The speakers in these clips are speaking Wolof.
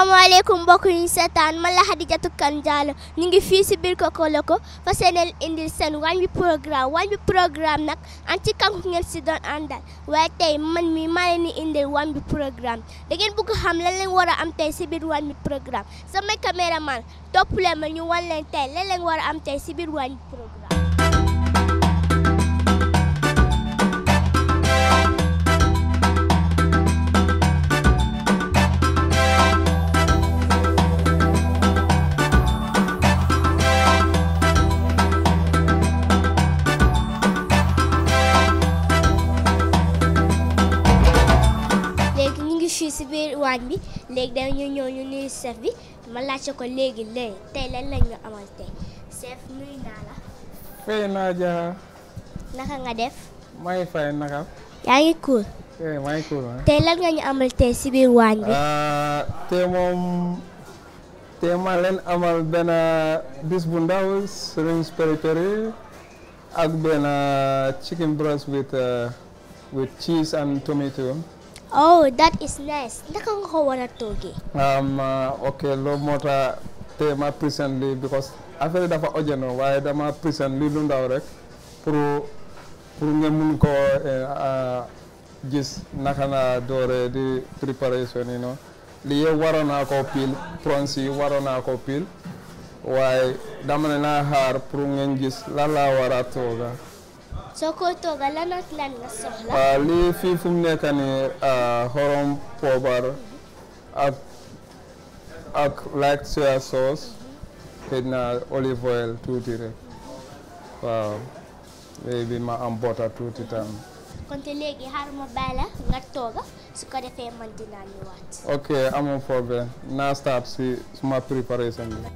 asalaamaaleykum mbokk yi ñu seetaan ma la di Kan Jaalo ñu ngi fii si biir Kokoloko fa seeneel indi seen wañ bi programme wañ bi programme nag am ci kanku ngeen si doon àndal waaye tey man mi maa leen di indil wañ bi programme da ngeen bëgg xam lan leen war a am tey si biir wañ bi programme samay caméraman topp leen ma ñu wan leen tey lan leen war a am tey si biir wañ bi programme suis si biir waañ bi léegi dañu ñëw ñu nuyu chef bi ma laajte ko léegi léegi tey lan lañ nga amal tey chef nuyu naa la fay naa jaa naka nga def may fay naka yaa ngi cool eh maa ngi cool tey lan nga ñu amal tey si biir waañ bi ah, tey moom tey ma leen amal bena bis bu ndaw sëriñ peri peri ak benn chicken breast with uh, with cheese and tomato Oh, that is nice. Nakakuha na toge. Um, uh, okay, low mota tema presently because affaire dafa ojeno why dama present li lu ndaw rek pour pour nga mun ko eh, uh, gis nakana naa doore di préparation yi noonu li yëpp waroon naa koo pil prons yi waroon naa pil dama na har pour ngeen gis la la wara toga. soo koy toogal lan ak lan nga soxla. Ah, lii fii fu mu nekk ah, xorom poobar ak ak like soya sauce xëy na olive oil tuuti rek waaw léegi ma am bota tuuti tam. kon te léegi xaar ma bàyyi la nga tooga su ko defee man dinaa ñëwaat. ok amoo problème naa start si suma préparation bi.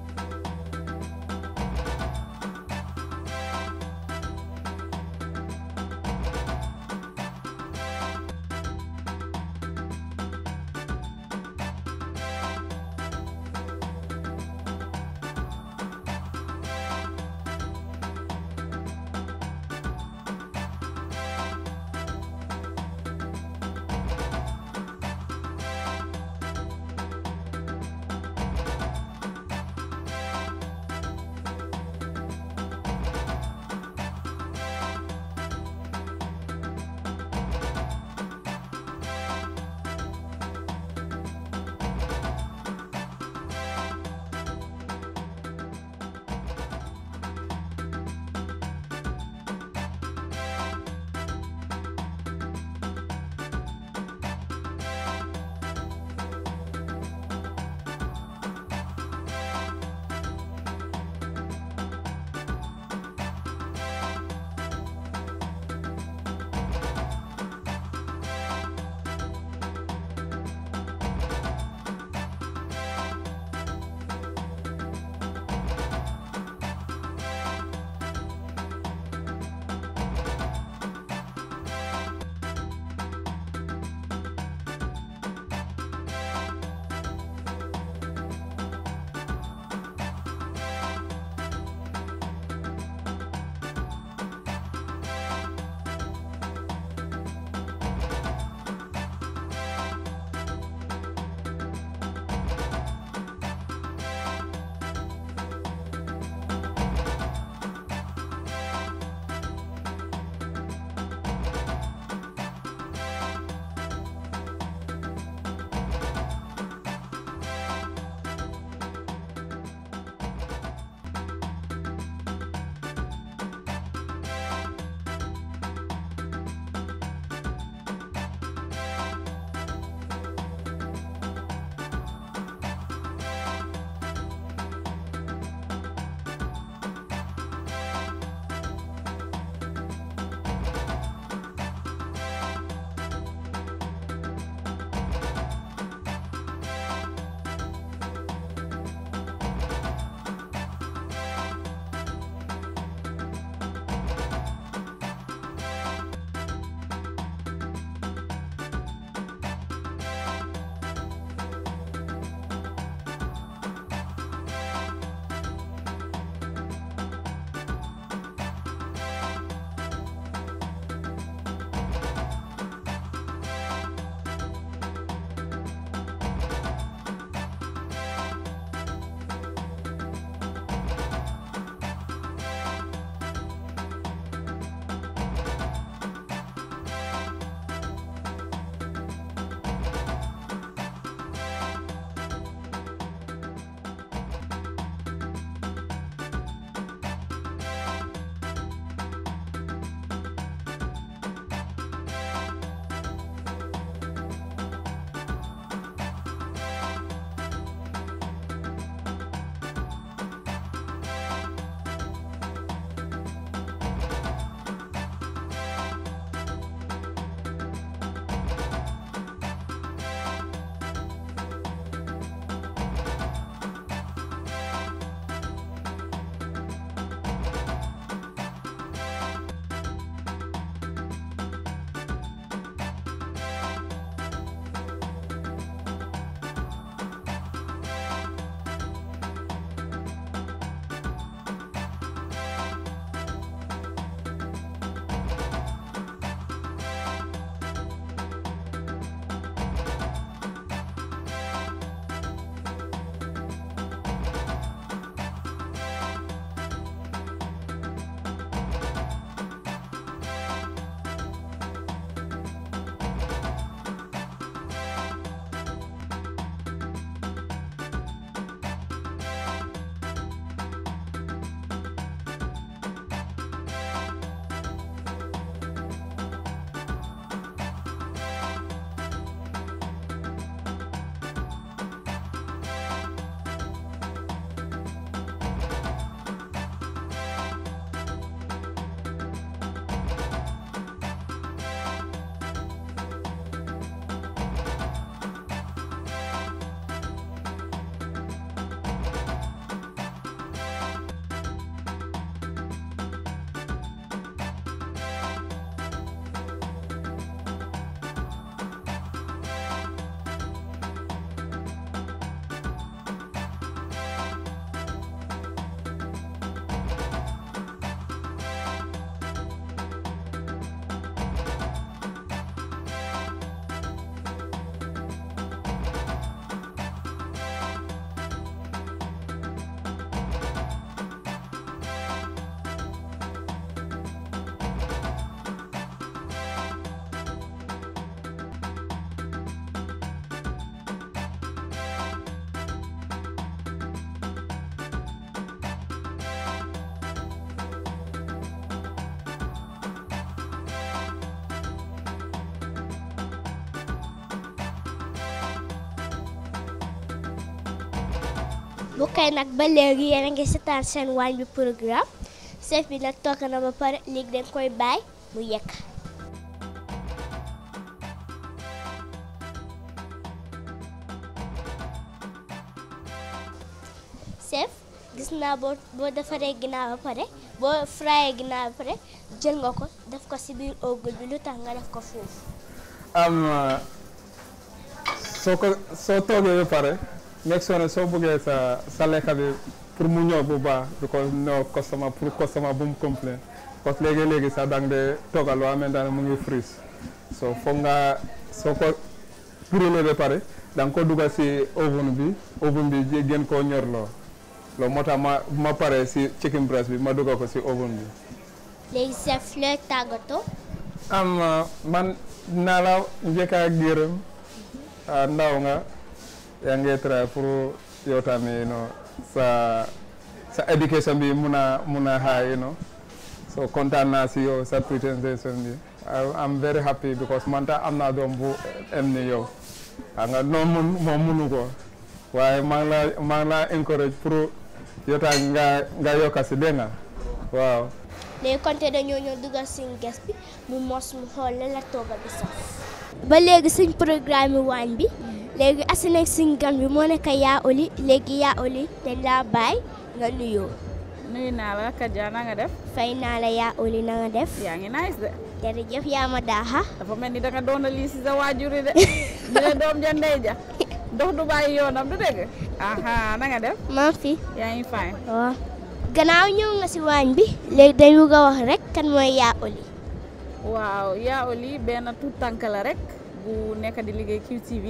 bu kay nag ba léegi yéen a ngi seetaan seen waañ bi programme chef bi nag togg na ba pare léegi dañ koy bàyyi mu yekk chef gis naa boo boo defaree ginaar ba pare boo frayé ginaar ba pare jël nga ko def ko ci biir ogul bi lu tax nga def ko foofu. soo ko soo toogee ba pare. nekk soo soo bëggee sa sa lekka bi pour mu ñëw bu baax du ko ñëw customer pour customer bu mu complain parce que léegi-léegi sa da nga de toogal loo xamante ne mu ngi frise so foog nga soo ko grillé ba pare da ko dugga si oven bi oven bi ji gën koo ñorloo loolu moo tax ma ma pare si chicken breast bi ma dugal ko si oven bi. léegi chef looy tàggatoo. Ah, man naa la njëkk a gërëm ah, nga. Yang travailler pour yotami you know, sa sa education bi muna muna high you know so konten nasi yo sa presentation bi I'm very happy because manta am na doom bu em ni yow mun munu ko waaye mangla mangla encourage pour yotaa nga nga yo si dégg nga waaw léegi konte dañoo ñëw dugal suñ ges bi mu mos mu la toga bi sax ba léegi suñ programme bi legi asine suñ gan bi moo nekk ya oli legi ya oli te la bay nga nuyo nuyu na la ka jana nga def fay na la ya oli na nga def ya ngi nice de jërëjëf ya ma ha dafa melni da nga dona li ci sa wajuri de ñu ne dom ja ndey ja dox du bàyyi yonam du deg aha na nga def ma fi ya ngi fine wa ganaw ñëw nga ci wañ bi leg dañ bugg wax rek kan moy ya oli waaw ya oli ben tout tank la rek bu nekk di liggey QTV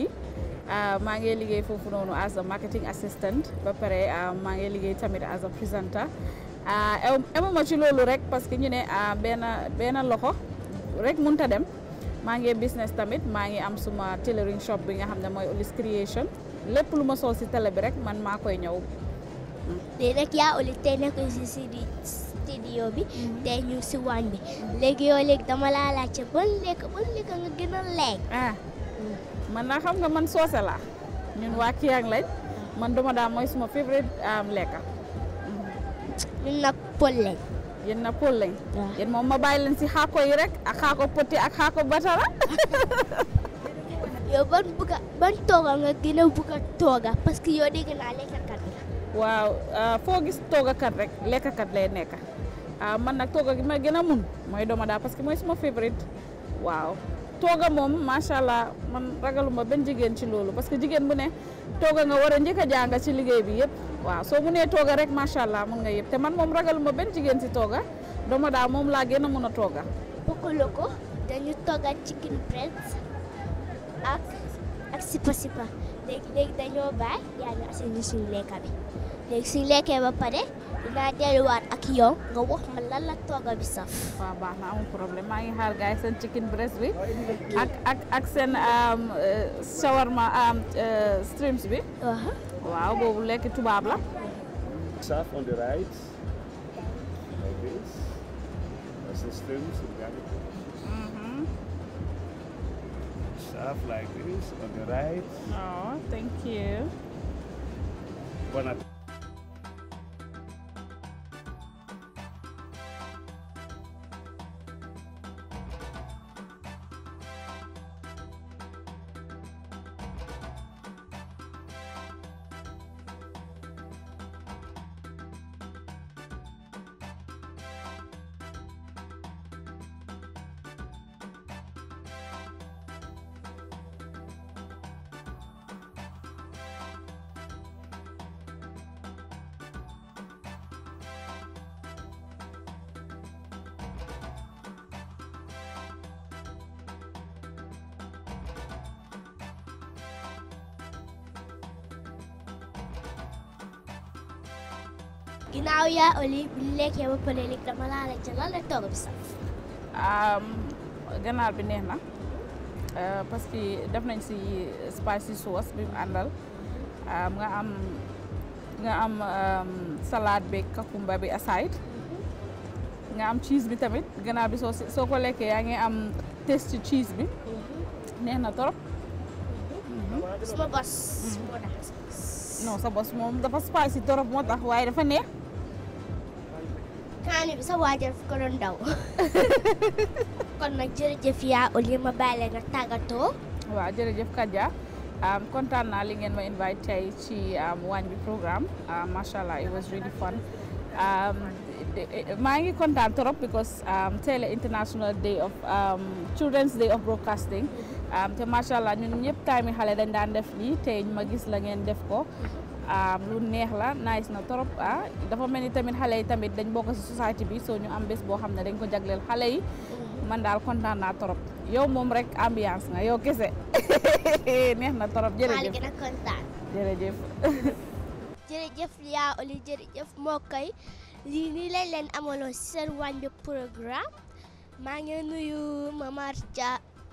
Euh, maa ngee liggéey foofu noonu as a marketing assistant ba pare euh, maa ngi liggéey tamit as a presenter euh, emuma ci loolu rek parce que ñu ne benn benn loxo rek mënta dem maa ngi business tamit maa ngi am suma tailoring shop bi nga xam ne mooy Olis Creation lépp lu ma sol si télé bi rek man maa koy ñëw. léegi nag yaa Olis tey nekk si studio bi. Mhm. tey ñu bi. léegi yow nga gën a ah. man naa xam nga man soose laa ñun waa Kiyang lañ man duma daal mooy suma favorite am lekka ñun nag pël lañ yéen na pël lañ yéen moom ma bàyyi leen si xaako yi rek ak xaako poti ak xaako batara yow ban bëgga ban tooga nga gën a bëgga tooga parce que yow dégg naa lekkakat la waaw ah, foo gis toogakat rek lay nekk ah, man nag tooga gi ma gën a mun mooy dooma daa parce que mooy suma favorite waaw Toga mom, macha allah man ragaluma ben jigen ci lolu parce que jigen bu ne toga nga wara ndika janga ci liggéey bi wa so mu ne toga rek macha allah nga yeb te man mom ragaluma ben jigen ci toga dama da mom la gene muna toga a loko, dañu toga chicken breast, ak ak sipa sipa leg leg dañu bay ya ñu assaini suñu lekka bi leg suñu lekkee ba pare. dinaa delluwaat ak yow nga wax ma lan la togg bi saf. waaw baax na amul problème chicken breast bi ak ak ak seen euh, shawarma euh, streams bi. waaw boobu lekk tubaab la. Surf on the right, like this. That's the streams in garlic. Mm-hmm. like this on the right. Oh, thank you. Bon appétit. Genau, ya Oli, léegi yow ba lek dama laa la jala la toog bi um ganaar bi neex na parce que def nañ si spicy sauce bi andal. àndal nga am ehm, nga am ehm, salade be kakumba bi aside nga am cheese bi tamit ganaar bi so soo ko lekkee yaa am taste cheese bi neex na trop. suma bos. No, sa bos mom dapat spicy trop mo tax waaye dafa neex. xanaa bi sa waajal fu ko doon jërëjëf yaa Oli ma bàyyi la nga tàggatoo. waaw jërëjëf Kaja um, kontaan naa li ngeen ma invite tey ci um, waañ bi programme um, macha allah it e, e, maa ngi kontaan trop because tey la international day of children's day of broadcasting te macha allah ñun ñëpp time yi xale dañ daan def lii tey ma gis la ngeen def ko. lu neex la nice na torop ah dafa melni tamit xalé yi tamit dañ bokk ci society bi so ñu am bes bo xamne dañ ko jagleel xalé yi mm. man dal kontaan na torop yow mom rek ambiance nga yow kese neex na trop jërëjëf maa gën a kontaan jërëjëf jërëjëf ya, oli jërëjëf moo kay lii nii lañ leen amaloon si seen waañ bi programme ma ngi nuyu mamar ja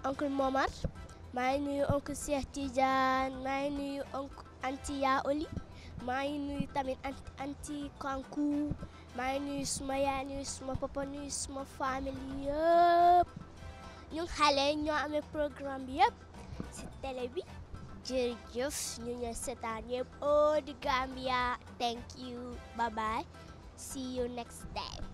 oncle Momar ma ngi nuyu oncle Cheikh Tidiane ma ngi nuyu oncle anti yaoli oli nuyu tamit anti kanku mai nuyu suma yaay nuyu suma papa nuyu suma famille yëpp ñu xale ñoo amé programme bi yëpp ci télé bi jërëjëf ñu ñëw seetaan yëpp oh de Gambia thank you bye bye see you next time.